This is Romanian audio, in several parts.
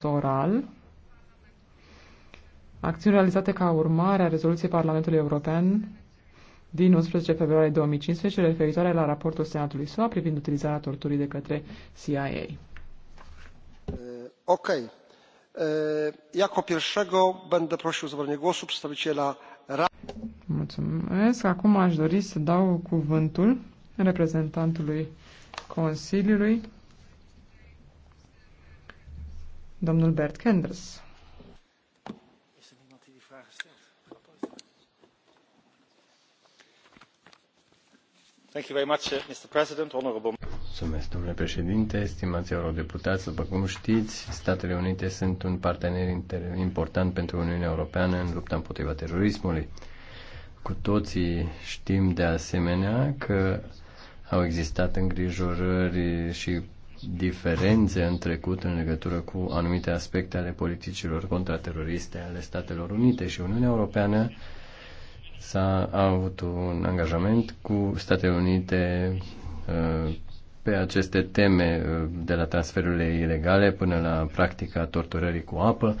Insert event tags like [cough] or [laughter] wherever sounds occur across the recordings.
electoral, acțiuni realizate ca urmare a rezoluției Parlamentului European din 11 februarie 2015 referitoare la raportul Senatului SUA privind utilizarea torturii de către CIA. Ok. Jako pierwszego będę prosił o zabranie głosu przedstawiciela Mulțumesc. Acum aș dori să dau cuvântul reprezentantului Consiliului, Domnul Bert Kenders. Uh, Mulțumesc, domnule președinte, stimați eurodeputați. După cum știți, Statele Unite sunt un partener important pentru Uniunea Europeană în lupta împotriva terorismului. Cu toții știm de asemenea că au existat îngrijorări și diferențe în trecut în legătură cu anumite aspecte ale politicilor contrateroriste ale Statelor Unite și Uniunea Europeană s-a avut un angajament cu Statele Unite uh, pe aceste teme, uh, de la transferurile ilegale până la practica torturării cu apă,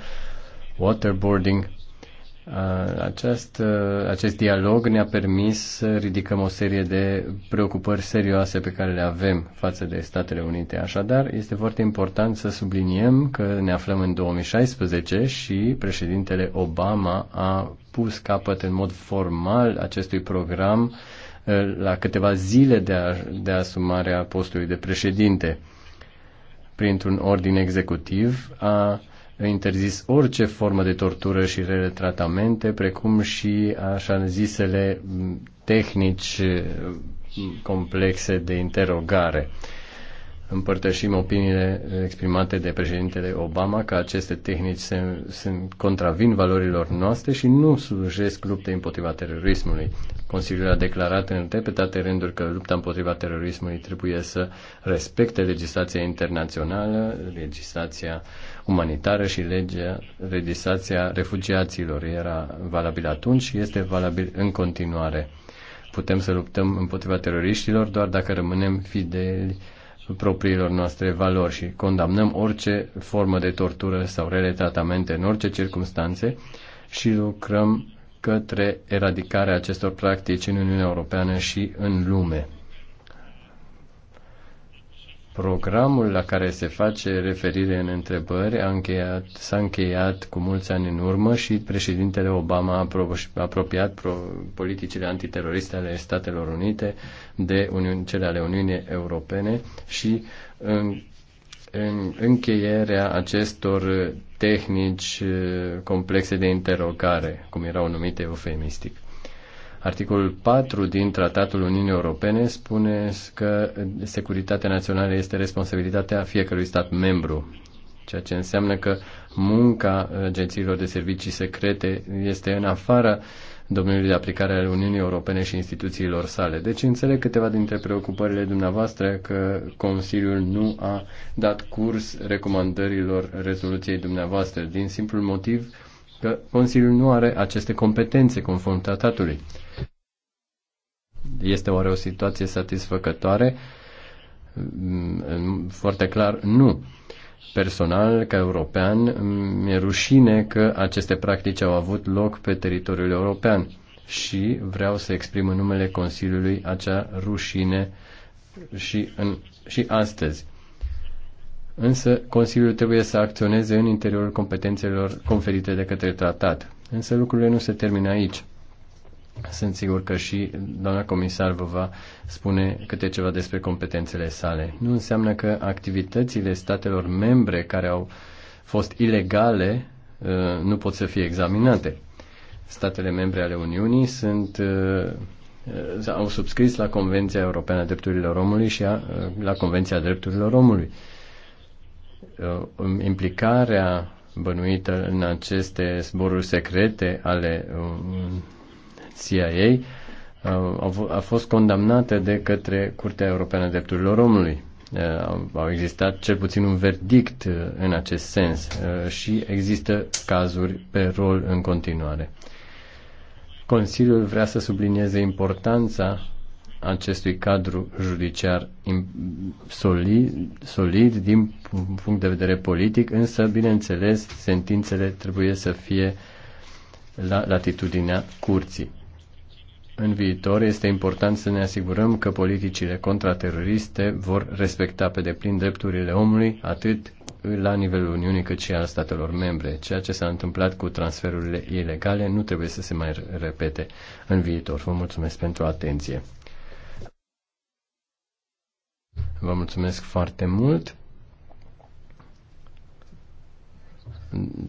waterboarding Uh, acest, uh, acest dialog ne-a permis să ridicăm o serie de preocupări serioase pe care le avem față de Statele Unite. Așadar, este foarte important să subliniem că ne aflăm în 2016 și președintele Obama a pus capăt în mod formal acestui program uh, la câteva zile de, a, de asumarea postului de președinte printr-un ordin executiv a interzis orice formă de tortură și rele tratamente, precum și așa zisele tehnici mm, complexe de interogare împărtășim opiniile exprimate de președintele Obama că aceste tehnici se, se contravin valorilor noastre și nu slujesc luptei împotriva terorismului. Consiliul a declarat în repetate rânduri că lupta împotriva terorismului trebuie să respecte legislația internațională, legislația umanitară și legea, legislația refugiaților. Era valabil atunci și este valabil în continuare. Putem să luptăm împotriva teroriștilor doar dacă rămânem fideli propriilor noastre valori și condamnăm orice formă de tortură sau rele tratamente în orice circunstanțe și lucrăm către eradicarea acestor practici în Uniunea Europeană și în lume. Programul la care se face referire în întrebări a încheiat, s-a încheiat cu mulți ani în urmă și președintele Obama a apropiat pro, politicile antiteroriste ale Statelor Unite de Uniune, cele ale Uniunii Europene și în, în încheierea acestor tehnici eh, complexe de interogare, cum erau numite eufemistic. Articolul 4 din Tratatul Uniunii Europene spune că securitatea națională este responsabilitatea fiecărui stat membru, ceea ce înseamnă că munca agențiilor de servicii secrete este în afara domeniului de aplicare al Uniunii Europene și instituțiilor sale. Deci înțeleg câteva dintre preocupările dumneavoastră că Consiliul nu a dat curs recomandărilor rezoluției dumneavoastră din simplul motiv că Consiliul nu are aceste competențe conform tratatului. Este oare o situație satisfăcătoare? Mm, mm, foarte clar, nu. Personal, ca european, mi-e rușine că aceste practici au avut loc pe teritoriul european și vreau să exprim în numele Consiliului acea rușine și, în, și astăzi însă Consiliul trebuie să acționeze în interiorul competențelor conferite de către tratat. Însă lucrurile nu se termină aici. Sunt sigur că și doamna comisar vă va spune câte ceva despre competențele sale. Nu înseamnă că activitățile statelor membre care au fost ilegale uh, nu pot să fie examinate. Statele membre ale Uniunii sunt uh, uh, au subscris la Convenția Europeană a Drepturilor Omului și a, la Convenția Drepturilor Omului. Uh, um, implicarea bănuită în aceste zboruri secrete ale um, CIA uh, a fost condamnată de către Curtea Europeană a Drepturilor Omului. Uh, au existat cel puțin un verdict în acest sens și există cazuri pe rol în continuare. Consiliul vrea să sublinieze importanța acestui cadru judiciar solid, solid din punct de vedere politic, însă, bineînțeles, sentințele trebuie să fie la latitudinea curții. În viitor este important să ne asigurăm că politicile contrateroriste vor respecta pe deplin drepturile omului, atât la nivelul Uniunii cât și al statelor membre. Ceea ce s-a întâmplat cu transferurile ilegale nu trebuie să se mai repete în viitor. Vă mulțumesc pentru atenție. Vă mulțumesc foarte mult.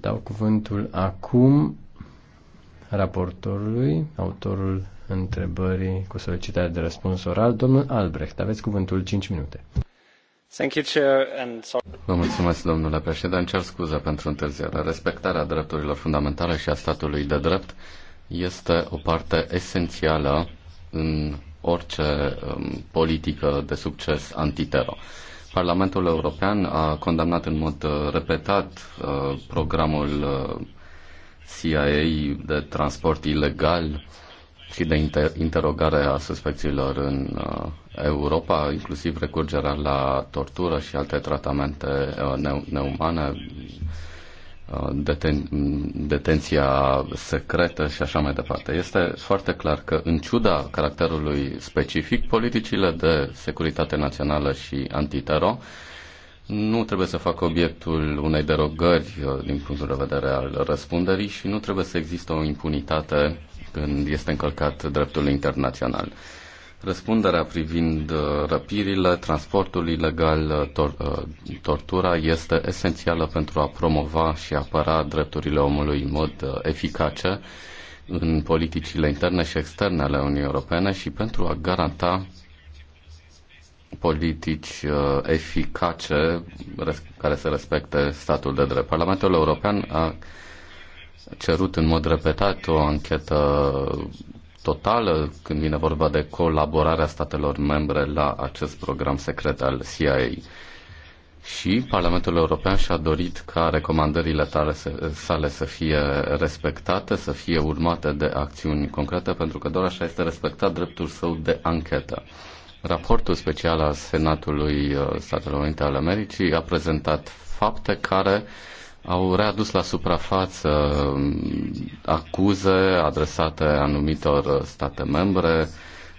Dau cuvântul acum raportorului, autorul întrebării cu solicitare de răspuns oral, domnul Albrecht. Aveți cuvântul 5 minute. Thank you, Chair, and sorry. Vă mulțumesc, domnule președinte. Cer scuze pentru întârziere. Respectarea drepturilor fundamentale și a statului de drept este o parte esențială în orice um, politică de succes antitero. Parlamentul European a condamnat în mod uh, repetat uh, programul uh, CIA de transport ilegal și de inter- interogare a suspecțiilor în uh, Europa, inclusiv recurgerea la tortură și alte tratamente uh, neumane. Uh, Uh, deten- detenția secretă și așa mai departe. Este foarte clar că, în ciuda caracterului specific, politicile de securitate națională și antitero nu trebuie să facă obiectul unei derogări uh, din punctul de vedere al răspunderii și nu trebuie să existe o impunitate când este încălcat dreptul internațional. Răspunderea privind uh, răpirile, transportul ilegal, uh, tor- uh, tortura este esențială pentru a promova și apăra drepturile omului în mod eficace în politicile interne și externe ale Uniunii Europene și pentru a garanta politici eficace care să respecte statul de drept. Parlamentul European a cerut în mod repetat o anchetă totală când vine vorba de colaborarea statelor membre la acest program secret al CIA. Și Parlamentul European și-a dorit ca recomandările tale să, sale să fie respectate, să fie urmate de acțiuni concrete, pentru că doar așa este respectat dreptul său de anchetă. Raportul special al Senatului uh, Statelor Unite ale Americii a prezentat fapte care uh, au readus la suprafață um, acuze adresate anumitor uh, state membre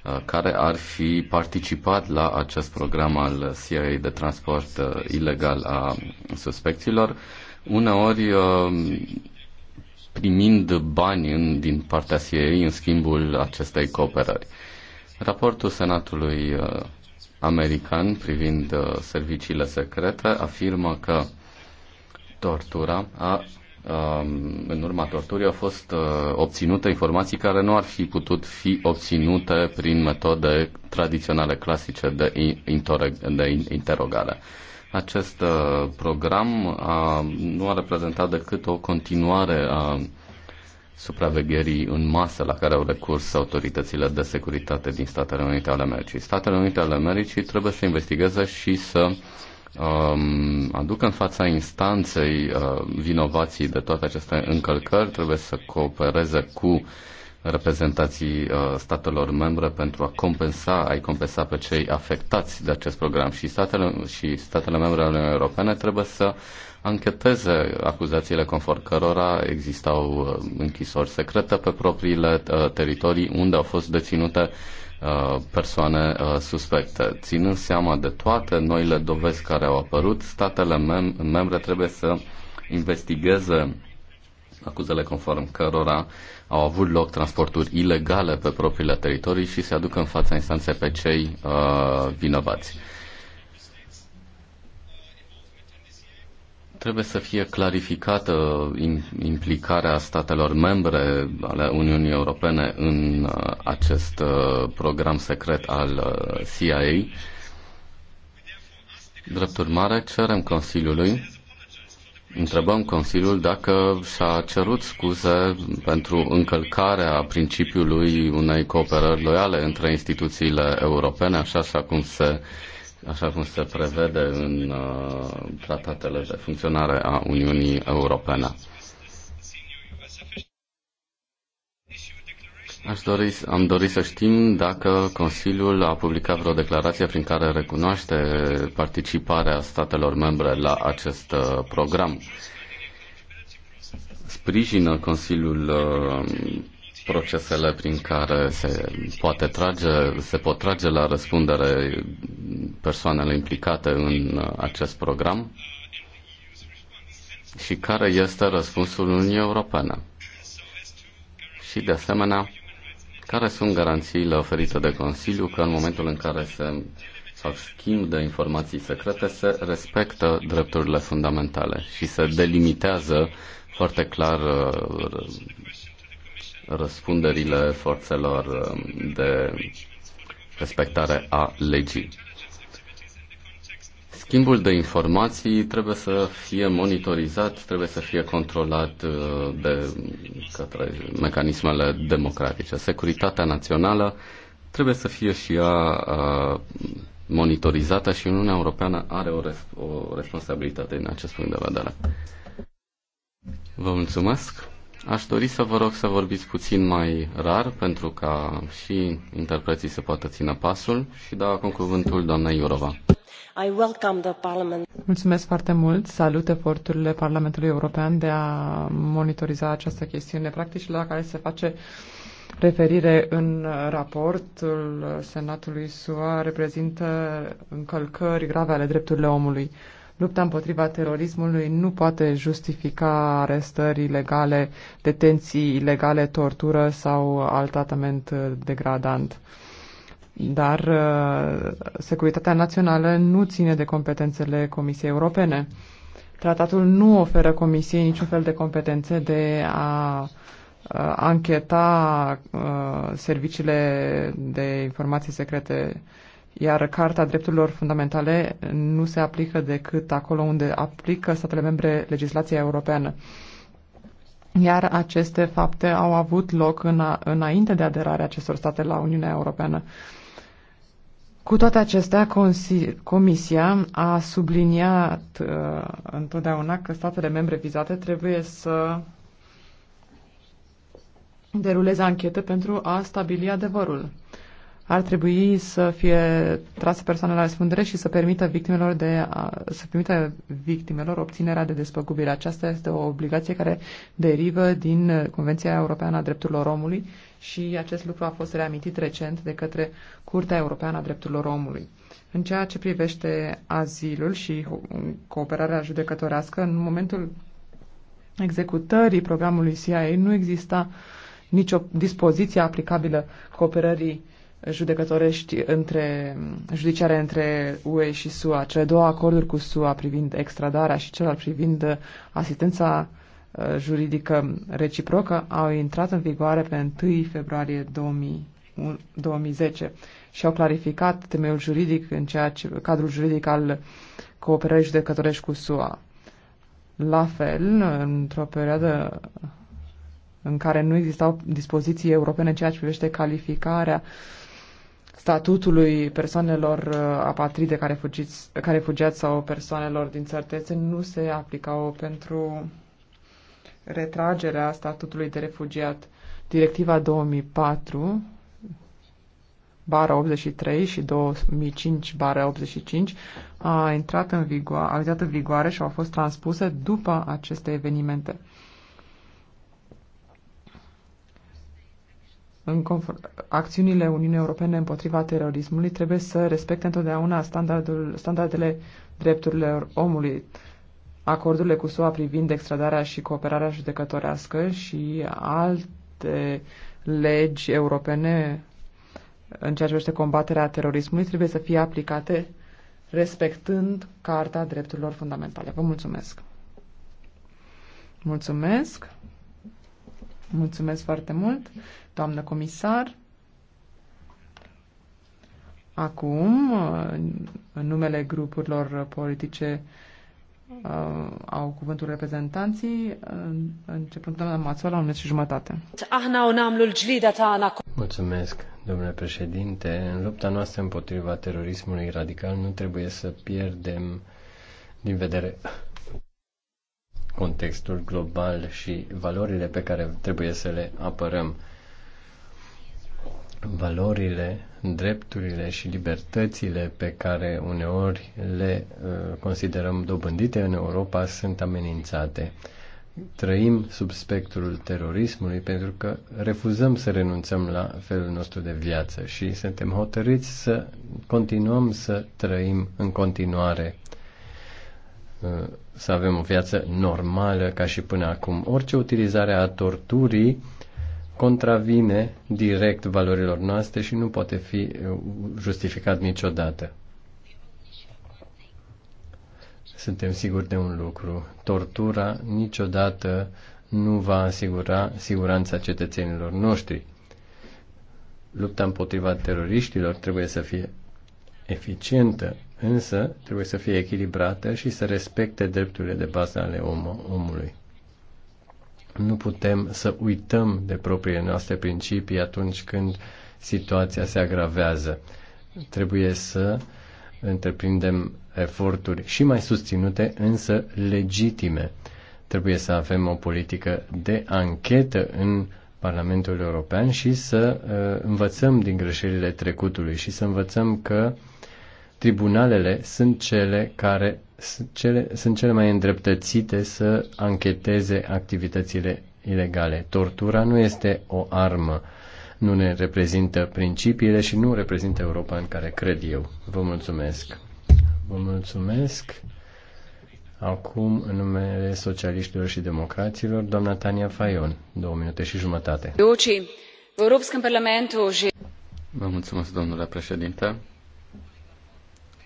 uh, care ar fi participat la acest program al CIA de transport uh, ilegal a suspecților, uneori um, primind bani din partea CIA în schimbul acestei cooperări. Raportul Senatului american privind serviciile secrete afirmă că tortura a um, în urma torturii au fost uh, obținute informații care nu ar fi putut fi obținute prin metode tradiționale, clasice de, de interogare. Acest uh, program a, nu a reprezentat decât o continuare a supravegherii în masă la care au recurs autoritățile de securitate din Statele Unite ale Americii. Statele Unite ale Americii trebuie să investigeze și să uh, um, aducă în fața instanței uh, vinovații de toate aceste încălcări, trebuie să coopereze cu reprezentații uh, statelor membre pentru a compensa, a compensa pe cei afectați de acest program și statele, și statele membre ale Uniunii Europene trebuie să ancheteze acuzațiile conform cărora existau uh, închisori secrete pe propriile uh, teritorii unde au fost deținute uh, Uh, persoane uh, suspecte. Ținând seama de toate noile dovezi care au apărut, statele mem- membre trebuie să investigeze acuzele conform cărora au avut loc transporturi ilegale pe propriile teritorii și se aducă în fața instanței pe cei uh, vinovați. Trebuie să fie clarificată implicarea statelor membre ale Uniunii Europene în uh, acest uh, program secret al uh, CIA. Drept urmare, cerem Consiliului, întrebăm Consiliul dacă și-a cerut scuze pentru încălcarea principiului unei cooperări loiale între instituțiile europene, așa, așa cum se uh, așa cum se prevede în uh, tratatele de funcționare a Uniunii Europene. Aș dori, am dorit să știm dacă Consiliul a publicat vreo declarație prin care recunoaște participarea statelor membre la acest uh, program. Sprijină Consiliul uh, procesele prin care se poate trage, se pot trage la răspundere persoanele implicate în acest program și care este răspunsul Uniunii Europene. Și de asemenea, care sunt garanțiile oferite de Consiliu că în momentul în care se fac schimb de informații secrete se respectă drepturile fundamentale și se delimitează foarte clar uh, răspunderile forțelor um, de respectare a legii. Schimbul de informații trebuie să fie monitorizat, trebuie să fie controlat uh, de către mecanismele democratice. Securitatea națională trebuie să fie și ea uh, monitorizată și Uniunea Europeană are o, res- o responsabilitate în acest punct de vedere. Vă mulțumesc! Aș dori să vă rog să vorbiți puțin mai rar, pentru ca și interpreții să poată ține pasul și da acum cuvântul doamnei Iurova. I welcome the parliament. Mulțumesc foarte mult. Salut eforturile Parlamentului European de a monitoriza această chestiune, practic la care se face referire în raportul Senatului SUA reprezintă încălcări grave ale drepturilor omului. Lupta împotriva terorismului nu poate justifica arestări ilegale, detenții ilegale, tortură sau alt tratament degradant. Dar uh, securitatea națională nu ține de competențele Comisiei Europene. Tratatul nu oferă Comisiei niciun fel de competențe de a uh, ancheta uh, serviciile de informații secrete iar Carta Drepturilor Fundamentale nu se aplică decât acolo unde aplică statele membre legislația europeană. Iar aceste fapte au avut loc în a, înainte de aderarea acestor state la Uniunea Europeană. Cu toate acestea, Comisia a subliniat uh, întotdeauna că statele membre vizate trebuie să deruleze anchete pentru a stabili adevărul ar trebui să fie trase persoane la răspundere și să permită victimelor, de a, să permită victimelor obținerea de despăgubire. Aceasta este o obligație care derivă din Convenția Europeană a Drepturilor Omului și acest lucru a fost reamintit recent de către Curtea Europeană a Drepturilor Omului. În ceea ce privește azilul și cooperarea judecătorească, în momentul executării programului CIA nu exista nicio dispoziție aplicabilă cooperării uh, judecătorești între, judiciare între UE și SUA, cele două acorduri cu SUA privind extradarea și celălalt privind uh, asistența uh, juridică reciprocă au intrat în vigoare pe 1 februarie 2000, 2010 și au clarificat temeiul juridic în ceea ce, cadrul juridic al cooperării judecătorești cu SUA. La fel, într-o perioadă în care nu existau dispoziții europene în ceea ce privește calificarea uh, statutului persoanelor uh, apatride care, fugiți, care fugeați sau persoanelor din țărtețe nu se aplicau pentru retragerea statutului de refugiat. Directiva 2004 bară 83 și 2005 bară 85 a intrat în vigoare, a intrat în vigoare și au fost transpuse după aceste evenimente. în acțiunile Uniunii Europene împotriva terorismului trebuie să respecte întotdeauna standardul, standardele drepturilor omului, acordurile cu SUA privind extradarea și cooperarea judecătorească și alte legi europene în ceea ce privește combaterea terorismului trebuie să fie aplicate respectând Carta Drepturilor Fundamentale. Vă mulțumesc! Mulțumesc! Mulțumesc foarte mult! doamnă comisar. Acum, în numele grupurilor politice, uh, au cuvântul reprezentanții, începând doamna Mațola, un și jumătate. Mulțumesc, domnule președinte. În lupta noastră împotriva terorismului radical nu trebuie să pierdem din vedere contextul global și valorile pe care trebuie să le apărăm valorile, drepturile și libertățile pe care uneori le uh, considerăm dobândite în Europa sunt amenințate. Trăim sub spectrul terorismului pentru că refuzăm să renunțăm la felul nostru de viață și suntem hotărâți să continuăm să trăim în continuare uh, să avem o viață normală ca și până acum. Orice utilizare a torturii contravine direct valorilor noastre și nu poate fi uh, justificat niciodată. Suntem siguri de un lucru. Tortura niciodată nu va asigura siguranța cetățenilor noștri. Lupta împotriva teroriștilor trebuie să fie eficientă, însă trebuie să fie echilibrată și să respecte drepturile de bază ale om- omului. Nu putem să uităm de propriile noastre principii atunci când situația se agravează. Trebuie să întreprindem eforturi și mai susținute, însă legitime. Trebuie să avem o politică de anchetă în Parlamentul European și să uh, învățăm din greșelile trecutului și să învățăm că uh, tribunalele sunt cele care sunt cele, sunt cele mai îndreptățite să ancheteze activitățile ilegale. Tortura nu este o armă, nu ne reprezintă principiile și nu reprezintă Europa în care cred eu. Vă mulțumesc. Vă mulțumesc. Acum, în numele socialiștilor și democraților, doamna Tania Fayon, două minute și jumătate. Vă mulțumesc, domnule președinte.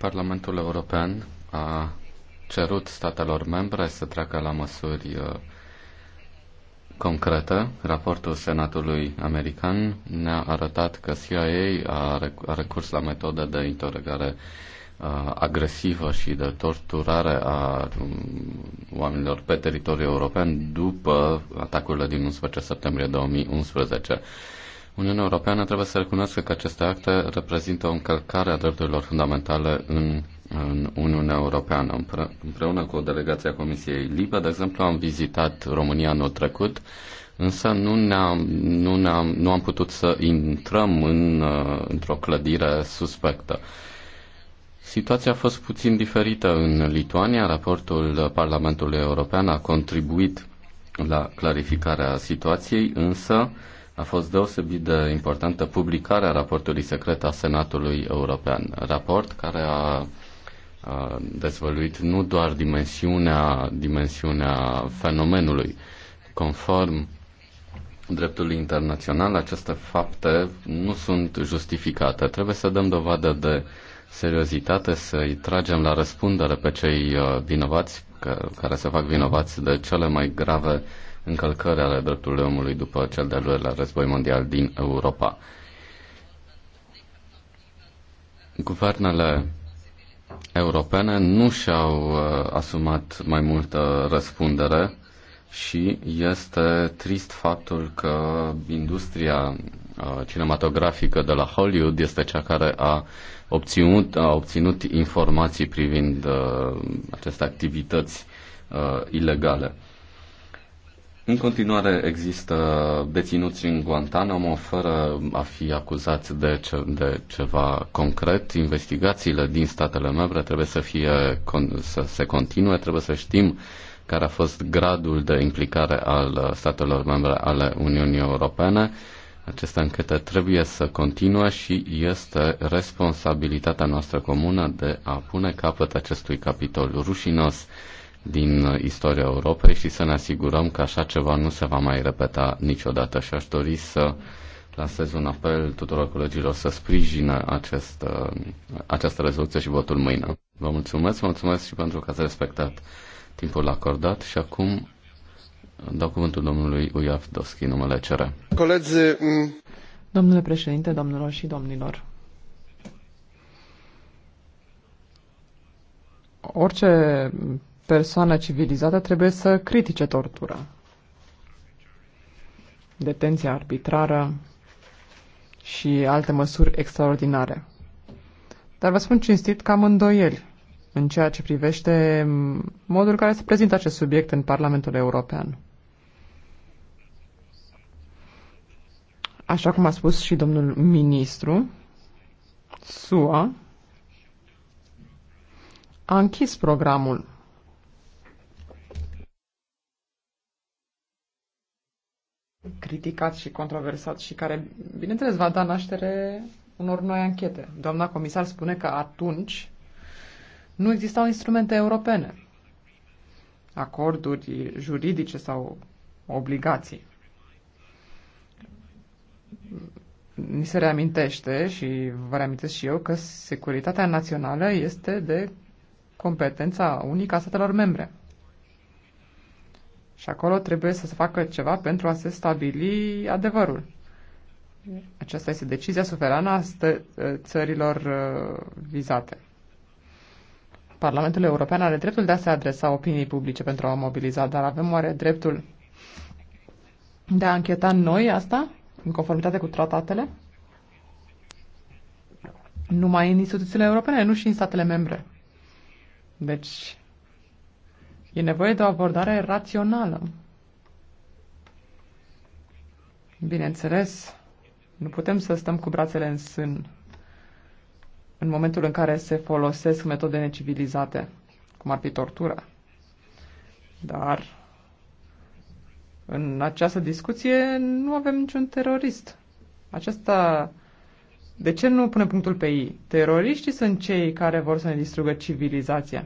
Parlamentul European a cerut statelor membre să treacă la măsuri uh, concrete. Raportul Senatului American ne-a arătat că CIA a recurs la metode de interogare uh, agresivă și de torturare a um, oamenilor pe teritoriul european după atacurile din 11 septembrie 2011. Uniunea Europeană trebuie să recunoască că aceste acte reprezintă o încălcare a drepturilor fundamentale în, în Uniunea Europeană. Împreună cu o delegație a Comisiei Libe, de exemplu, am vizitat România anul trecut, însă nu, ne-am, nu, ne-am, nu am putut să intrăm în, uh, într-o clădire suspectă. Situația a fost puțin diferită în Lituania. Raportul Parlamentului European a contribuit la clarificarea situației, însă a fost deosebit de importantă publicarea raportului secret a Senatului European. Raport care a, a dezvăluit nu doar dimensiunea, dimensiunea fenomenului. Conform dreptului internațional, aceste fapte nu sunt justificate. Trebuie să dăm dovadă de seriozitate, să-i tragem la răspundere pe cei uh, vinovați, că, care se fac vinovați de cele mai grave uh, încălcări ale drepturilor omului după cel de-al doilea război mondial din Europa. Guvernele europene nu și-au uh, asumat mai multă răspundere și este trist faptul că industria uh, cinematografică de la Hollywood este cea care a obținut, a obținut informații privind uh, aceste activități uh, ilegale. În continuare există deținuți în Guantanamo fără a fi acuzați de, ce, de ceva concret. Investigațiile din statele membre trebuie să, fie, să se continue, trebuie să știm care a fost gradul de implicare al statelor membre ale Uniunii Europene. Acesta închete trebuie să continue și este responsabilitatea noastră comună de a pune capăt acestui capitol rușinos din istoria Europei și să ne asigurăm că așa ceva nu se va mai repeta niciodată. Și aș dori să lansez un apel tuturor colegilor să sprijină acest, uh, această rezoluție și votul mâine. Vă mulțumesc, vă mulțumesc și pentru că ați respectat timpul acordat și acum dau cuvântul domnului Uiaf Doschi, numele CR. Colegi... Mm. Domnule președinte, domnilor și domnilor, orice persoană civilizată trebuie să critique tortura. Detenția arbitrară și alte măsuri extraordinare. Dar vă spun cinstit că am îndoieli în ceea ce privește modul care se prezintă acest subiect în Parlamentul European. Așa cum a spus și domnul ministru, SUA a închis programul criticat și controversat și care, bineînțeles, va da naștere unor noi anchete. Doamna comisar spune că atunci nu existau instrumente europene, acorduri juridice sau obligații. Ni se reamintește și vă reamintesc și eu că securitatea națională este de competența unică a statelor membre. Și acolo trebuie să se facă ceva pentru a se stabili adevărul. Aceasta este decizia suverană a ă, țărilor ă, vizate. Parlamentul European are dreptul de a se adresa opiniei publice pentru a mobiliza, dar avem oare dreptul de a încheta noi asta, în conformitate cu tratatele? Numai în instituțiile europene, nu și în statele membre. Deci, E nevoie de o abordare rațională. Bineînțeles, nu putem să stăm cu brațele în sân în momentul în care se folosesc metode necivilizate, cum ar fi tortura. Dar în această discuție nu avem niciun terorist. Aceasta... De ce nu punem punctul pe ei? Teroriștii sunt cei care vor să ne distrugă civilizația.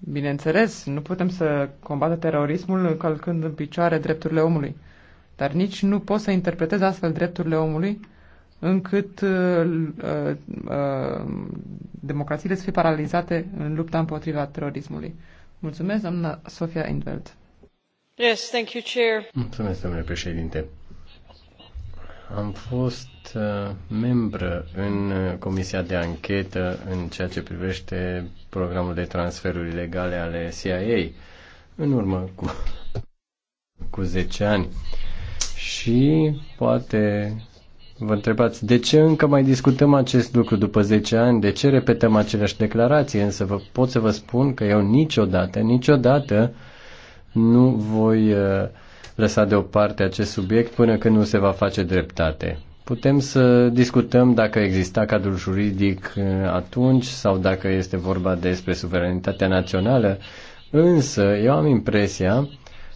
Bineînțeles, nu putem să combată terorismul călcând în picioare drepturile omului, dar nici nu poți să interpretezi astfel drepturile omului încât uh, uh, uh, democrațiile să fie paralizate în lupta împotriva terorismului. Mulțumesc, doamna Sofia Indveld. Yes, thank you, Chair. Mulțumesc, domnule președinte. Am fost Uh, membră în uh, Comisia de Anchetă în ceea ce privește programul de transferuri legale ale CIA în urmă cu, [laughs] cu 10 ani. Și poate vă întrebați de ce încă mai discutăm acest lucru după 10 ani, de ce repetăm aceleași declarații, însă vă, pot să vă spun că eu niciodată, niciodată nu voi uh, lăsa deoparte acest subiect până când nu se va face dreptate. Putem să discutăm dacă exista cadrul juridic uh, atunci sau dacă este vorba despre suveranitatea națională, însă eu am impresia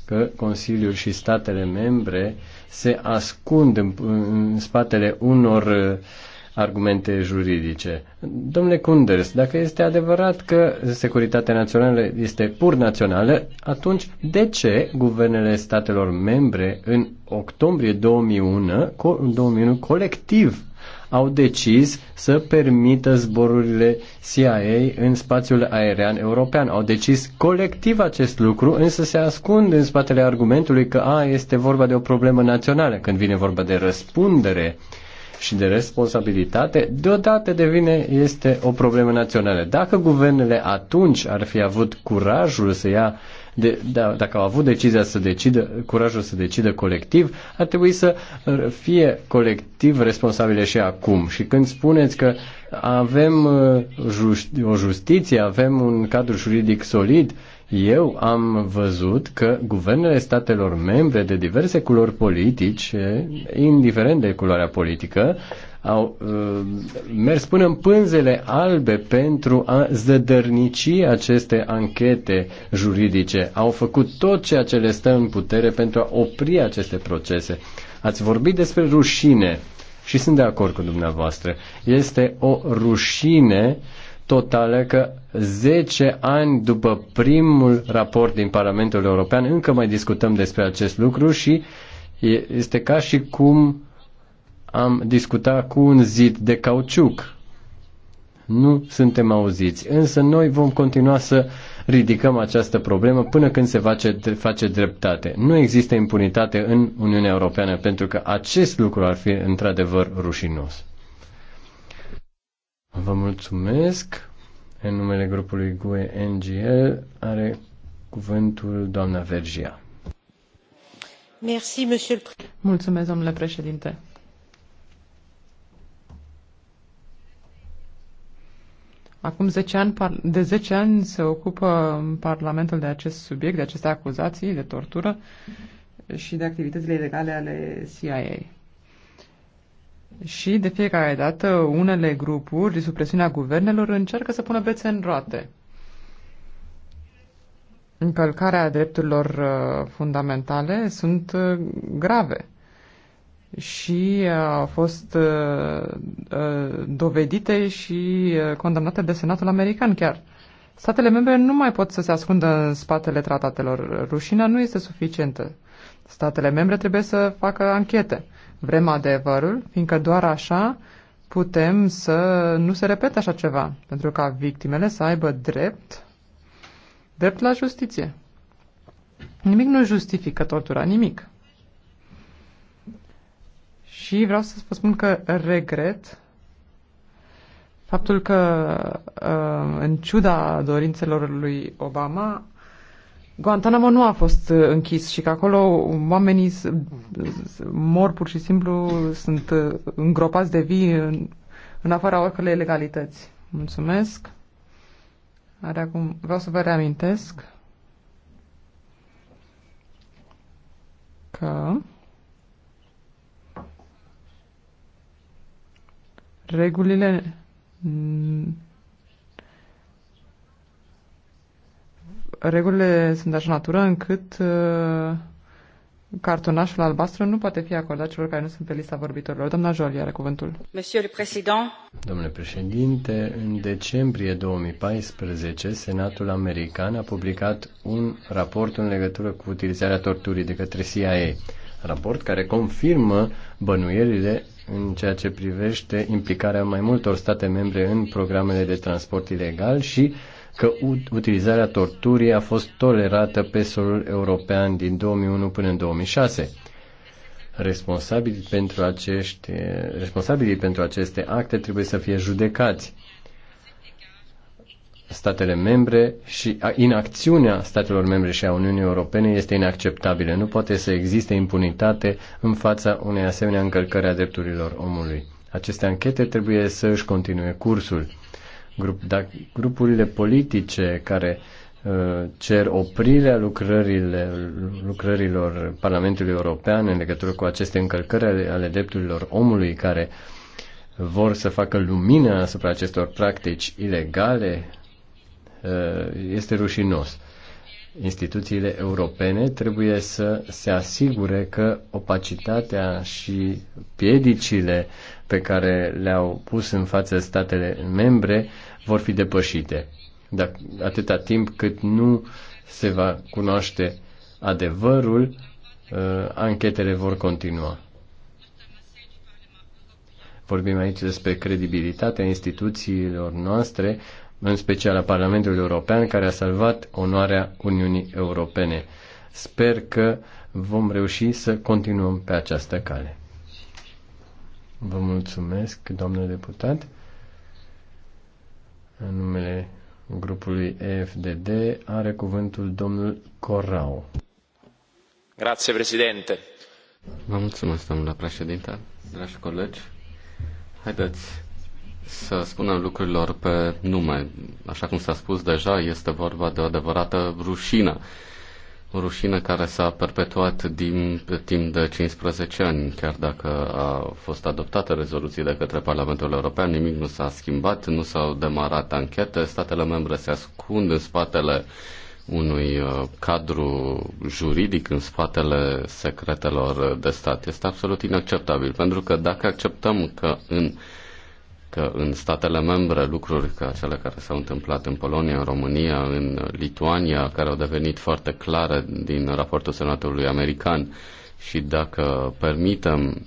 că Consiliul și statele membre se ascund în, în spatele unor uh, argumente juridice. Domnule Kunders, dacă este adevărat că securitatea națională este pur națională, atunci de ce guvernele statelor membre în octombrie 2001, 2001 colectiv au decis să permită zborurile CIA în spațiul aerian european. Au decis colectiv acest lucru, însă se ascund în spatele argumentului că a, este vorba de o problemă națională. Când vine vorba de răspundere uh, și de responsabilitate, deodată devine, este o problemă națională. Dacă guvernele atunci ar fi avut curajul să ia de, da, dacă au avut decizia să decidă, curajul să decidă colectiv, ar trebui să fie colectiv responsabile și acum. Și când spuneți că avem uh, o justiție, avem un cadru juridic solid, eu am văzut că guvernele statelor membre de diverse culori politice, indiferent de culoarea politică, au uh, mers până în pânzele albe pentru a zădărnici aceste anchete juridice. Au făcut tot ceea ce le stă în putere pentru a opri aceste procese. Ați vorbit despre rușine și sunt de acord cu dumneavoastră. Este o rușine uh, totală că 10 ani după primul raport din Parlamentul European încă mai discutăm despre acest lucru și este ca și cum am discutat cu un zid de cauciuc. Nu suntem auziți, însă noi vom continua să ridicăm această problemă până când se face, face dreptate. Nu există impunitate în Uniunea Europeană pentru că acest lucru ar fi într-adevăr rușinos. Vă mulțumesc. În numele grupului GUE NGL are cuvântul doamna Vergia. Merci, monsieur... Mulțumesc, domnule președinte. Acum 10 ani, de 10 ani se ocupă Parlamentul de acest subiect, de aceste acuzații de tortură și de activitățile ilegale ale CIA. Și de fiecare dată unele grupuri, sub presiunea guvernelor, încearcă să pună bețe în roate. Încălcarea drepturilor uh, fundamentale sunt uh, grave și uh, au fost dovedite și condamnate de Senatul American chiar. Statele membre nu mai pot să se ascundă în spatele tratatelor. Rușina nu este suficientă. Statele membre trebuie să facă anchete vrem adevărul, fiindcă doar așa putem să nu se repete așa ceva, pentru ca victimele să aibă drept, drept la justiție. Nimic nu justifică tortura, nimic. Și vreau să vă spun că regret faptul că, uh, în ciuda dorințelor lui Obama, Guantanamo nu a fost uh, închis și că acolo oamenii mor pur și simplu, sunt uh, îngropați de vii în, în afara oricărei ilegalități. Mulțumesc. Are acum, vreau să vă reamintesc că regulile regulile sunt de așa natură încât uh, cartonașul albastru nu poate fi acordat celor care nu sunt pe lista vorbitorilor. Doamna Jolie are cuvântul. Domnule președinte, în decembrie 2014, Senatul American a publicat un raport în legătură cu utilizarea torturii de către CIA. Raport care confirmă bănuierile în ceea ce privește implicarea mai multor state membre în programele de transport ilegal și uh, că utilizarea torturii a fost tolerată pe solul european din 2001 până în 2006. Responsabili pentru, acești, responsabilii pentru aceste acte trebuie să fie judecați. Statele membre și inacțiunea statelor membre și a Uniunii Europene este inacceptabilă. Nu poate să existe impunitate în fața unei asemenea încălcări a drepturilor omului. Aceste anchete trebuie să își continue cursul grup, da, grupurile politice care uh, cer oprirea lucrările, lucrărilor Parlamentului European în legătură cu aceste încălcări ale, ale drepturilor omului care vor să facă lumină asupra acestor practici ilegale, uh, este rușinos instituțiile europene trebuie să se asigure că opacitatea și piedicile pe care le-au pus în față statele membre vor fi depășite. atâta timp cât nu se va cunoaște adevărul, uh, anchetele vor continua. Vorbim aici despre credibilitatea instituțiilor noastre în special a Parlamentului European, care a salvat onoarea Uniunii Europene. Sper că vom reuși să continuăm pe această cale. Vă mulțumesc, doamnă deputat. În numele grupului EFDD are cuvântul domnul Corau. Grazie, președinte. Vă mulțumesc, domnule președinte, dragi colegi. Haideți să spunem lucrurilor pe nume. Așa cum s-a spus deja, este vorba de o adevărată rușină. O rușină care s-a perpetuat din timp de 15 ani, chiar dacă a fost adoptată rezoluție de către Parlamentul European, nimic nu s-a schimbat, nu s-au demarat anchete, statele membre se ascund în spatele unui uh, cadru juridic în spatele secretelor de stat. Este absolut inacceptabil, pentru că dacă acceptăm că în că în statele membre lucruri ca cele care s-au întâmplat în Polonia, în România, în Lituania, care au devenit foarte clare din raportul Senatului American și dacă permitem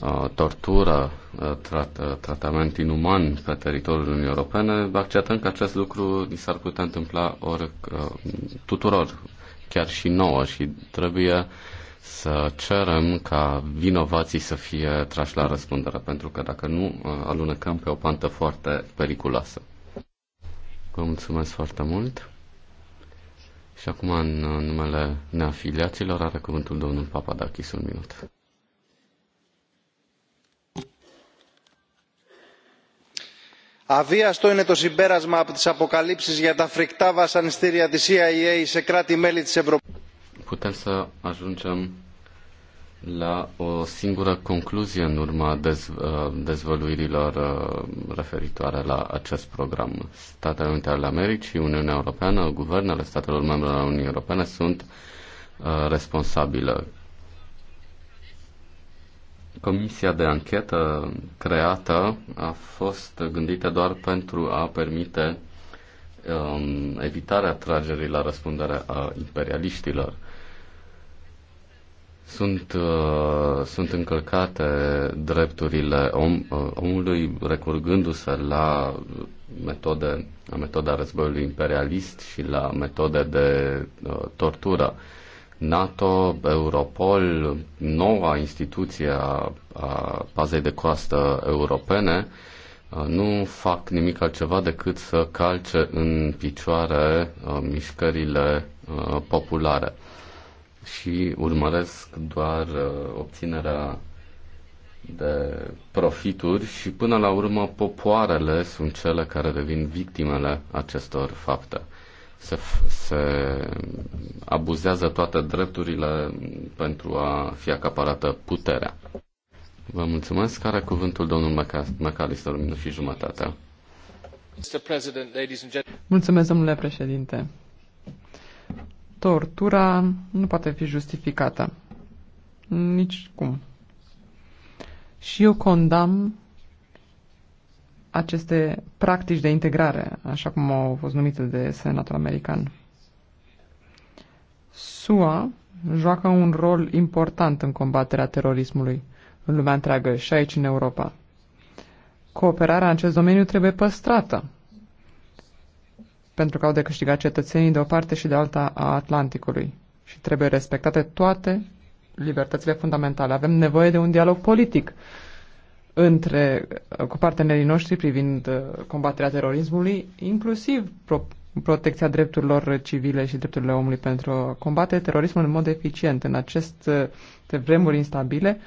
uh, tortură, uh, trat, uh, tratament inuman pe teritoriul Uniunii Europene, acceptăm că acest lucru ni s-ar putea întâmpla ori, tuturor, chiar și nouă și trebuie să cerem ca vinovații să fie trași la răspundere, pentru că dacă nu, uh, alunecăm pe o pantă foarte periculoasă. Vă mulțumesc foarte mult. Și acum, în numele neafiliaților, are cuvântul domnul Papadakis un minut. αβίαστο είναι το συμπέρασμα από τις αποκαλύψεις για τα φρικτά βασανιστήρια της cia σε κράτη μέλη της ευρωπαϊκής putem să ajungem la o singură concluzie în urma dez, uh, dezvăluirilor uh, referitoare la acest program. Statele Unite ale Americii, Uniunea Europeană, guvernele statelor membre ale Uniunii Europene sunt uh, responsabile. Comisia de anchetă creată a fost gândită doar pentru a permite um, evitarea tragerii la răspundere a imperialiștilor sunt, uh, sunt încălcate drepturile om, uh, omului recurgându-se la metode, la metoda războiului imperialist și la metode de uh, tortură. NATO, Europol, noua instituție a, a pazei de coastă europene uh, nu fac nimic altceva decât să calce în picioare uh, mișcările uh, populare. Uh, și urmăresc doar uh, obținerea de profituri și până la urmă popoarele sunt cele care devin victimele acestor fapte. Se, se abuzează toate drepturile pentru a fi acaparată puterea. Vă mulțumesc. Care cuvântul domnul McAllister, minut și jumătate. Mulțumesc, domnule președinte tortura nu poate fi justificată. Nici cum. Și eu condamn aceste practici de integrare, așa cum au fost numite de senatul american. SUA joacă un rol important în combaterea terorismului în lumea întreagă și aici în Europa. Cooperarea în acest domeniu trebuie păstrată pentru că au de câștigat cetățenii de o parte și de alta a Atlanticului și trebuie respectate toate libertățile fundamentale. Avem nevoie de un dialog politic între, cu partenerii noștri privind uh, combaterea terorismului, inclusiv pro, protecția drepturilor civile și drepturile omului pentru a combate terorismul în mod eficient. În aceste vremuri instabile,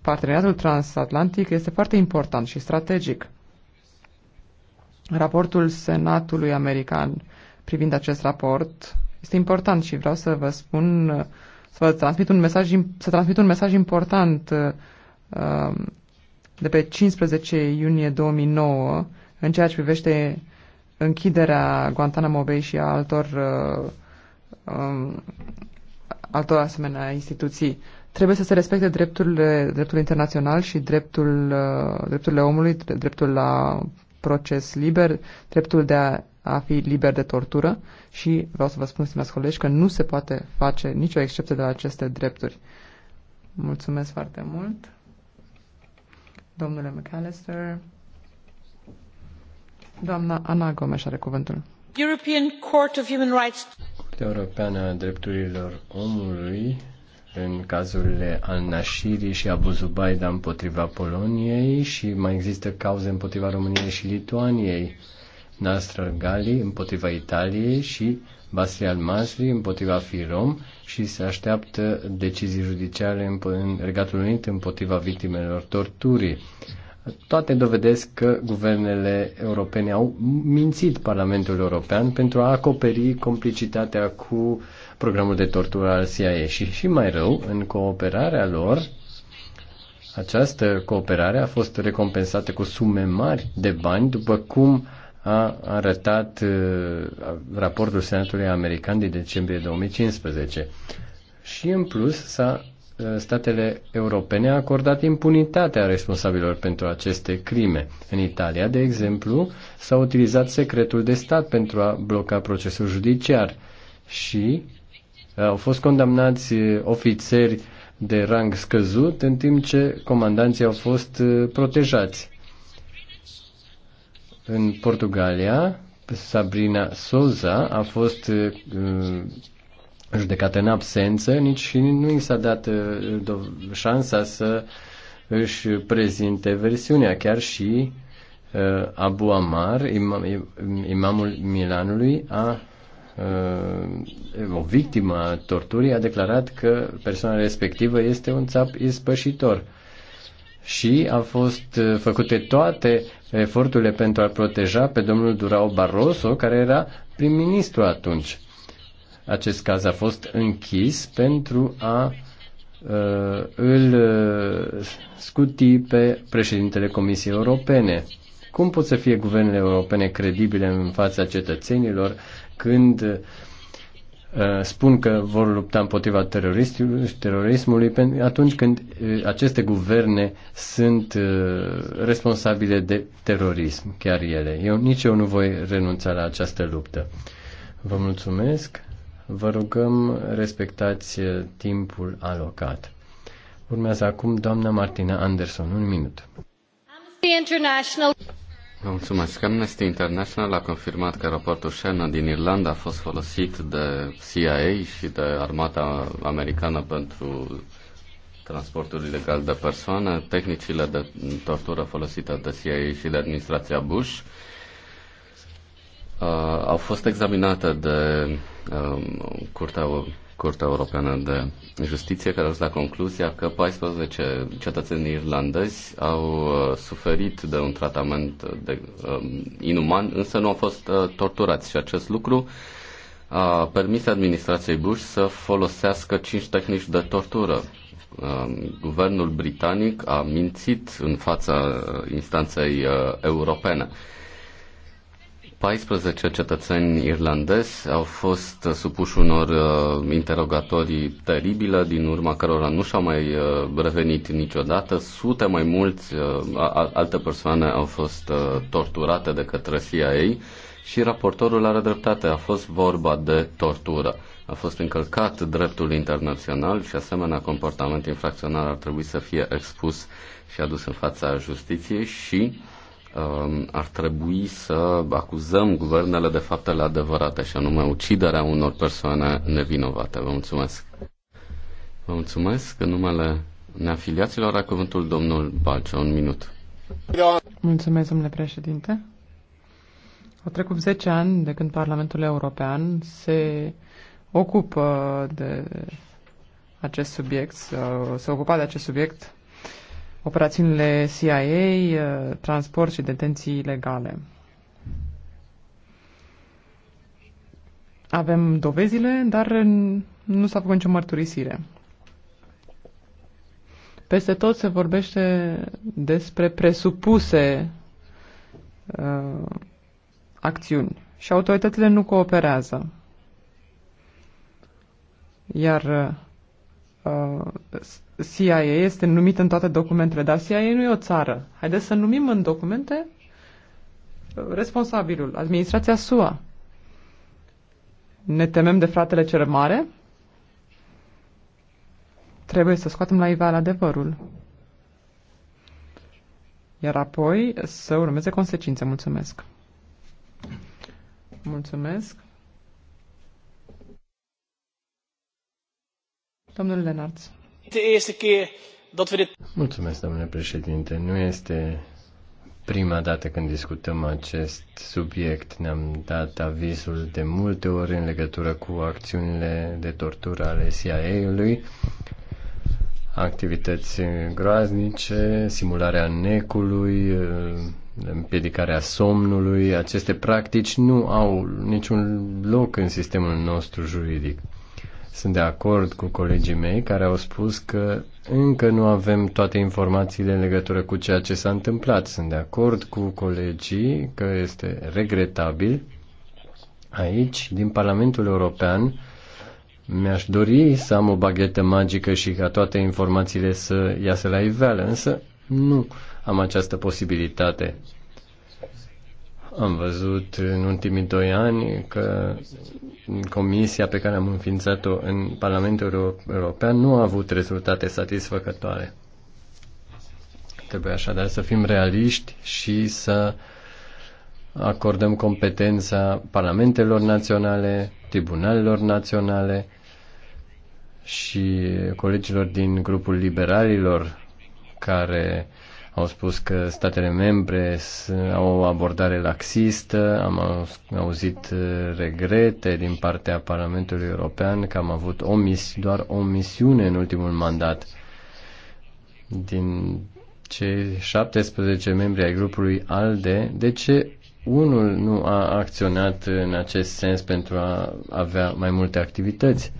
parteneriatul transatlantic este foarte important și strategic. Raportul Senatului American privind acest raport este important și vreau să vă spun, să vă transmit un mesaj, să transmit un mesaj important uh, de pe 15 iunie 2009 în ceea ce privește închiderea Guantanamo Bay și a altor, uh, um, altor asemenea instituții. Trebuie să se respecte drepturile, dreptul internațional și dreptul, uh, drepturile omului, dreptul la proces liber, dreptul de a, a fi liber de tortură și vreau să vă spun, stimați colegi, că nu se poate face nicio excepție de la aceste drepturi. Mulțumesc foarte mult, domnule McAllister. Doamna Ana Gomes are cuvântul. European Court of Human Rights. Curtea Europeană a Drepturilor Omului în cazurile al Nașirii și Abu Zubaida împotriva Poloniei și mai există cauze împotriva României și Lituaniei, Nastra Gali împotriva Italiei și Basri al Masri împotriva Firom și se așteaptă decizii judiciare în, în Regatul Unit împotriva victimelor torturii. Toate dovedesc că guvernele europene au mințit Parlamentul European pentru a acoperi complicitatea cu uh, programul de tortură al CIA și, și mai rău, în cooperarea lor, această cooperare a fost recompensată cu sume mari de bani, după cum a arătat uh, raportul Senatului American din decembrie 2015. Și în plus s-a uh, statele europene a acordat impunitatea responsabilor pentru aceste crime. În Italia, de exemplu, s-a utilizat secretul de stat pentru a bloca procesul judiciar și Eh, au fost condamnați eh, ofițeri de rang scăzut, în timp ce comandanții au fost eh, protejați. În Portugalia, Sabrina Souza a fost judecată în absență, nici și nu i s-a dat șansa să își prezinte versiunea, chiar și Abu Amar, imam, imamul Milanului, a Uh, o victimă a torturii a declarat că persoana respectivă este un țap ispășitor și a fost uh, făcute toate eforturile pentru a proteja pe domnul Durao Barroso, care era prim-ministru atunci. Acest caz a fost închis pentru a uh, îl uh, scuti pe președintele Comisiei Europene. Cum pot să fie guvernele europene credibile în fața cetățenilor când uh, spun că vor lupta împotriva terorismului atunci când uh, aceste guverne sunt uh, responsabile de terorism, chiar ele. Eu nici eu nu voi renunța la această luptă. Vă mulțumesc. Vă rugăm respectați timpul alocat. Urmează acum doamna Martina Anderson. Un minut. Amnesty International mulțumesc. Amnesty International a confirmat că raportul Shannon din Irlanda a fost folosit de CIA și de armata americană pentru transportul ilegal de persoane, tehnicile de tortură folosite de CIA și de administrația Bush uh, au fost examinate de um, Curtea Curtea Europeană de Justiție, care a dat la concluzia că 14 cetățeni irlandezi au uh, suferit de un tratament de, uh, inuman, însă nu au fost uh, torturați și acest lucru a permis administrației Bush să folosească cinci tehnici de tortură. Um, guvernul britanic a mințit în fața uh, instanței uh, europene. 14 cetățeni irlandezi au fost supuși unor uh, interogatorii teribile, din urma cărora nu și-au mai uh, revenit niciodată. Sute mai mulți uh, alte persoane au fost uh, torturate de către CIA și raportorul are dreptate. A fost vorba de tortură. A fost încălcat dreptul internațional și asemenea comportament infracțional ar trebui să fie expus și adus în fața justiției și uh, Um, ar trebui să acuzăm guvernele de faptele adevărate, și anume uciderea unor persoane nevinovate. Vă mulțumesc. Vă mulțumesc. În numele neafiliaților are cuvântul domnul Balcea. Un minut. Mulțumesc, domnule președinte. Au trecut 10 ani de când Parlamentul European se ocupă de acest subiect, se ocupa de acest subiect operațiunile CIA, uh, transport și detenții ilegale. Avem dovezile, dar nu s-a făcut nicio mărturisire. Peste tot se vorbește despre presupuse uh, acțiuni și autoritățile nu cooperează. Iar uh, CIA este numit în toate documentele, dar CIA nu e o țară. Haideți să numim în documente uh, responsabilul, administrația SUA. Ne temem de fratele cel mare? Trebuie să scoatem la iveală adevărul. Iar apoi să urmeze consecințe. Mulțumesc. Mulțumesc. Domnul Lenarț. Mulțumesc, domnule președinte. Nu este prima dată când discutăm acest subiect. Ne-am dat avizul de multe ori în legătură cu acțiunile de tortură ale CIA-ului, activități groaznice, simularea necului, împiedicarea somnului. Aceste practici nu au niciun loc în sistemul nostru juridic. Sunt de acord cu colegii mei care au spus că încă nu avem toate informațiile în legătură cu ceea ce s-a întâmplat. Sunt de acord cu colegii că este regretabil. Aici, din Parlamentul European, mi-aș dori să am o baghetă magică și ca toate informațiile să iasă la iveală, însă nu am această posibilitate. Am văzut în ultimii doi ani că comisia pe care am înființat-o în Parlamentul European nu a avut rezultate satisfăcătoare. Trebuie așadar să fim realiști și să acordăm competența parlamentelor naționale, tribunalelor naționale și colegilor din grupul liberalilor care au spus că statele membre au o abordare laxistă, am auzit uh, regrete din partea Parlamentului European că am avut o doar o misiune în ultimul mandat. Din cei 17 membri ai grupului ALDE, de ce unul nu a acționat în acest sens pentru a avea mai multe activități?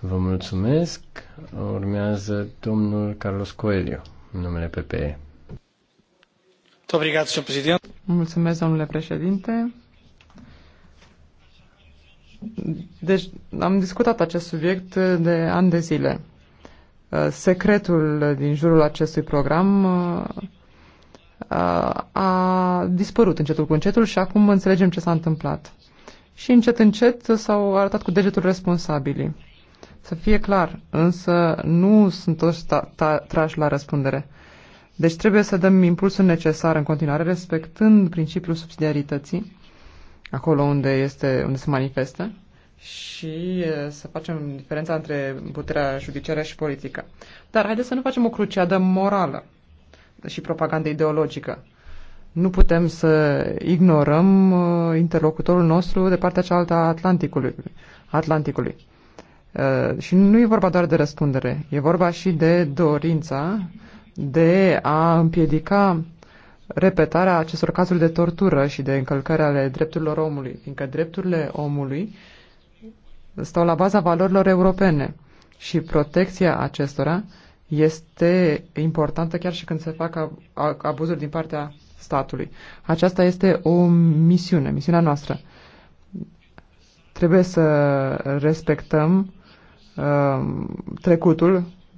Vă mulțumesc. Urmează domnul Carlos Coelho, numele PPE. Mulțumesc, președinte. Deci, am discutat acest subiect de ani de zile. Secretul din jurul acestui program uh, a dispărut încetul cu încetul și acum înțelegem ce s-a întâmplat. Și încet, încet s-au arătat cu degetul responsabilii. Să fie clar, însă nu sunt toți trași la răspundere. Deci trebuie să dăm impulsul necesar în continuare, respectând principiul subsidiarității, acolo unde, este, unde se manifestă, și să facem diferența între puterea judiciară și politică. Dar haideți să nu facem o cruciadă morală și propagandă ideologică. Nu putem să ignorăm interlocutorul nostru de partea cealaltă a Atlanticului. Atlanticului. Și nu e vorba doar de răspundere, e vorba și de dorința de a împiedica repetarea acestor cazuri de tortură și de încălcare ale drepturilor omului, fiindcă drepturile omului stau la baza valorilor europene și protecția acestora este importantă chiar și când se fac abuzuri din partea statului. Aceasta este o misiune, misiunea noastră. Trebuie să respectăm uh, trecutul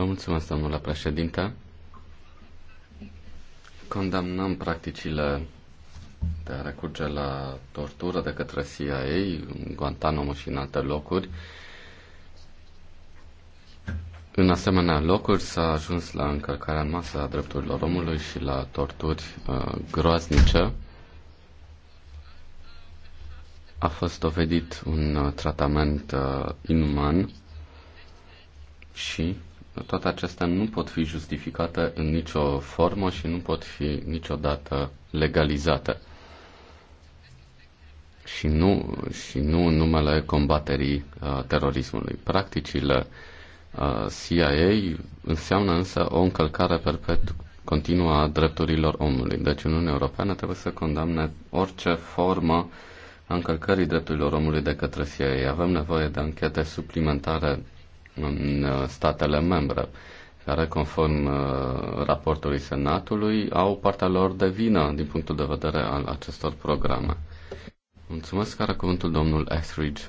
Vă mulțumesc, domnule președinte. Condamnăm practicile de a recurge la tortură de către CIA, în Guantanamo și în alte locuri. În asemenea locuri s-a ajuns la încălcarea în masă a drepturilor omului și la torturi uh, groaznice. A fost dovedit un uh, tratament uh, inuman și toate acestea nu pot fi justificate în nicio formă și nu pot fi niciodată legalizate. Și nu, și nu în numele combaterii uh, terorismului. Practicile uh, CIA înseamnă însă o încălcare perpetu- continuă a drepturilor omului. Deci Uniunea Europeană trebuie să condamne orice formă a încălcării drepturilor omului de către CIA. Avem nevoie de anchete suplimentare în uh, statele membre, care, conform uh, raportului Senatului, au partea lor de vină din punctul de vedere al acestor programe. Mulțumesc, care cuvântul domnul Etheridge.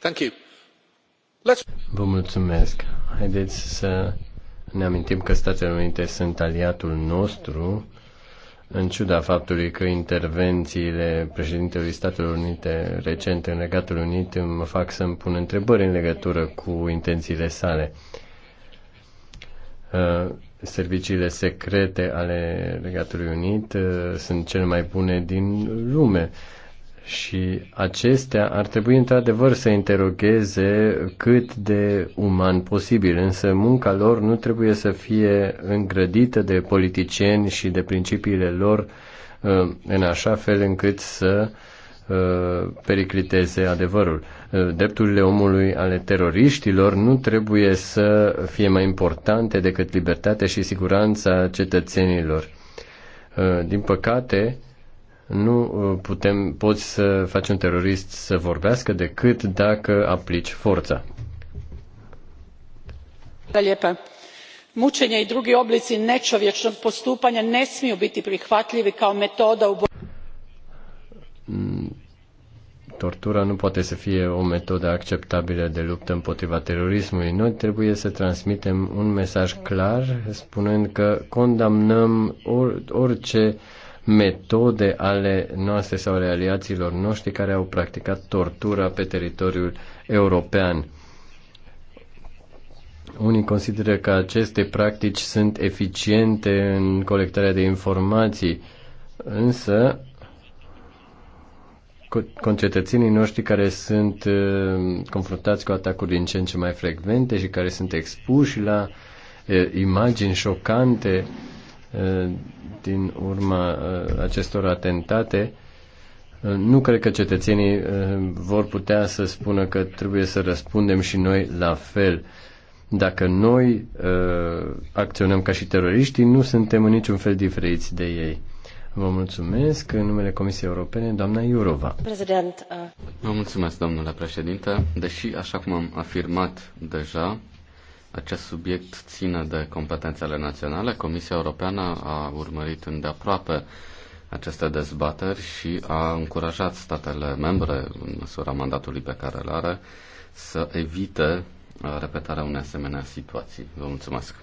Thank you. Let's... Vă mulțumesc. Haideți să ne amintim că Statele Unite sunt aliatul nostru în ciuda faptului că intervențiile președintelui Statelor Unite recent în Regatul Unit mă fac să-mi pun întrebări în legătură cu intențiile sale. Uh, serviciile secrete ale Regatului Unit uh, sunt cele mai bune din lume și acestea ar trebui într-adevăr să interogheze cât de uman posibil, însă munca lor nu trebuie să fie îngrădită de politicieni și de principiile lor uh, în așa fel încât să uh, pericliteze adevărul. Uh, drepturile omului ale teroriștilor nu trebuie să fie mai importante decât libertatea și siguranța cetățenilor. Din păcate, nu uh, putem, poți să faci un terorist să vorbească decât dacă aplici forța. Mučenje i drugi oblici nečovječnog postupanja ne smiju biti prihvatljivi kao metoda u mm, Tortura nu poate să fie o metodă acceptabilă de luptă împotriva terorismului. Noi trebuie să transmitem un mesaj clar spunând că condamnăm orice uh, metode ale noastre sau ale aliaților noștri care au practicat tortura pe teritoriul european. Unii consideră că aceste practici sunt eficiente în colectarea de informații, însă concetățenii noștri care sunt uh, confruntați cu atacuri din ce în ce mai frecvente și care sunt expuși la uh, imagini șocante din urma uh, acestor atentate, uh, nu cred că cetățenii uh, vor putea să spună că trebuie să răspundem și noi la fel. Dacă noi acționăm ca și teroriștii, nu suntem în niciun fel diferiți de ei. Vă mulțumesc. În numele Comisiei Europene, doamna Iurova. Vă mulțumesc, domnule președinte. Deși, așa cum am afirmat deja, acest subiect ține de competențele naționale. Comisia Europeană a urmărit îndeaproape aceste dezbateri și a încurajat statele membre, în măsura mandatului pe care îl are, să evite uh, repetarea unei asemenea situații. Vă mulțumesc!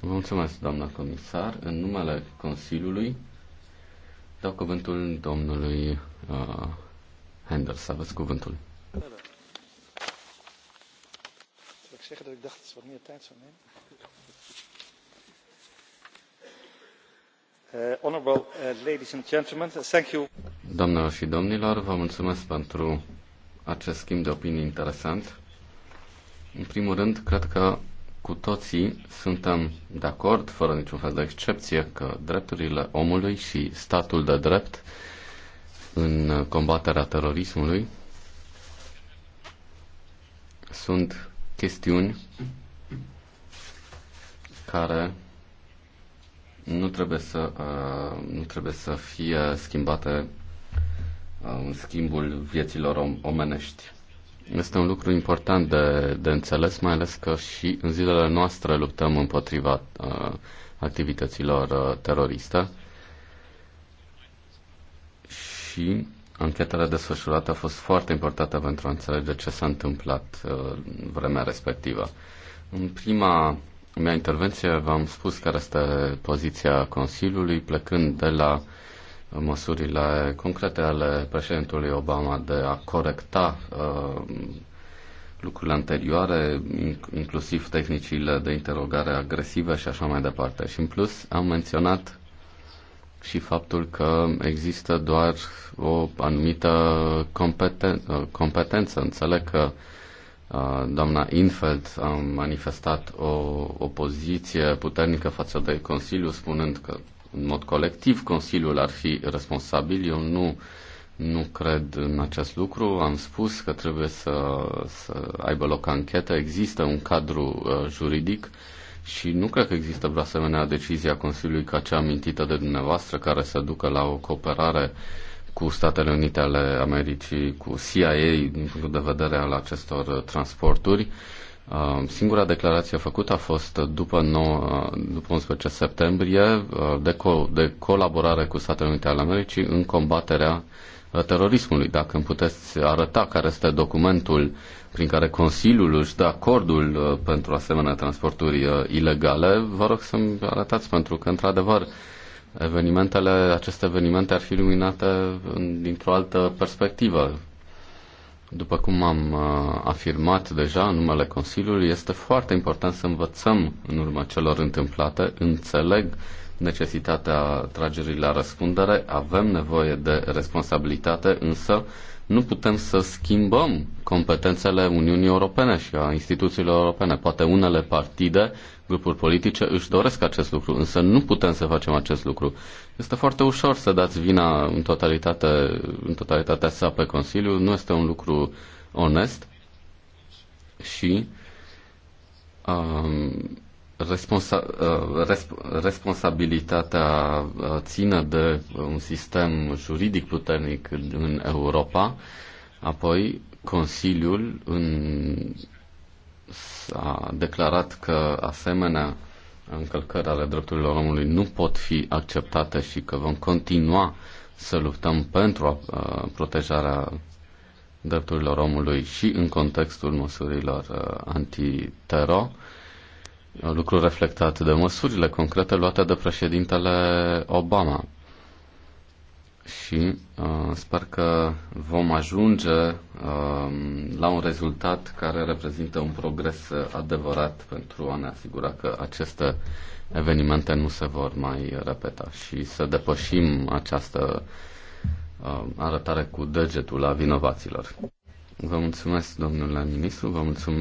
Vă mulțumesc, doamna comisar. În numele Consiliului dau cuvântul domnului uh, Handel. Să aveți cuvântul. Da, da zeggen dat ik dacht dat ze wat meer tijd zou nemen. Uh, Honorable uh, ladies and gentlemen, thank you. Doamnelor și domnilor, vă mulțumesc pentru acest schimb de opinii interesant. În primul rând, cred că cu toții suntem de acord, fără niciun fel de excepție, că drepturile omului și statul de drept în combaterea terorismului sunt chestiuni care nu trebuie să, uh, nu trebuie să fie schimbate uh, în schimbul vieților omenești. Este un lucru important de, de înțeles, mai ales că și în zilele noastre luptăm împotriva uh, activităților uh, teroriste și Anchetele desfășurate au fost foarte importante pentru a înțelege ce s-a întâmplat în uh, vremea respectivă. În prima mea intervenție v-am spus care este poziția Consiliului, plecând de la măsurile concrete ale președintelui Obama de a corecta uh, lucrurile anterioare, inclusiv tehnicile de interogare agresive și așa mai departe. Și în plus am menționat și faptul că există doar o anumită competen- uh, competență. Înțeleg că uh, doamna Infeld a manifestat o opoziție puternică față de Consiliu, spunând că în mod colectiv Consiliul ar fi responsabil. Eu nu, nu cred în acest lucru. Am spus că trebuie să, să aibă loc anchetă. Există un cadru uh, juridic și nu cred că există vreo asemenea decizie a Consiliului ca cea amintită de dumneavoastră care să ducă la o cooperare cu Statele Unite ale Americii, cu CIA din punctul de vedere al acestor transporturi. Uh, singura declarație făcută a fost după, 9, după 11 septembrie uh, de, co- de colaborare cu Statele Unite ale Americii în combaterea terorismului. Dacă îmi puteți arăta care este documentul uh, prin care Consiliul își dă acordul uh, pentru asemenea transporturi uh, ilegale, vă rog să-mi arătați, pentru că, într-adevăr, evenimentele, aceste evenimente ar fi luminate dintr-o altă perspectivă. După cum am uh, afirmat deja în numele Consiliului, este foarte important să învățăm în urma celor întâmplate, înțeleg necesitatea tragerii la răspundere, avem nevoie de responsabilitate, însă nu putem să schimbăm competențele Uniunii Europene și a instituțiilor europene. Poate unele partide, grupuri politice își doresc acest lucru, însă nu putem să facem acest lucru. Este foarte ușor să dați vina în, totalitate, în totalitatea sa pe Consiliu, nu este un lucru onest și um, Responsa- uh, resp- responsabilitatea uh, țină de un sistem juridic puternic în Europa, apoi Consiliul în, a declarat că asemenea încălcări ale drepturilor omului nu pot fi acceptate și că vom continua să luptăm pentru uh, protejarea drepturilor omului și în contextul măsurilor antitero lucru reflectat de măsurile concrete luate de președintele Obama. Și uh, sper că vom ajunge uh, la un rezultat care reprezintă un progres adevărat pentru a ne asigura că aceste evenimente nu se vor mai repeta și să depășim această uh, arătare cu degetul la vinovaților. Vă mulțumesc, domnule ministru, vă mulțumesc.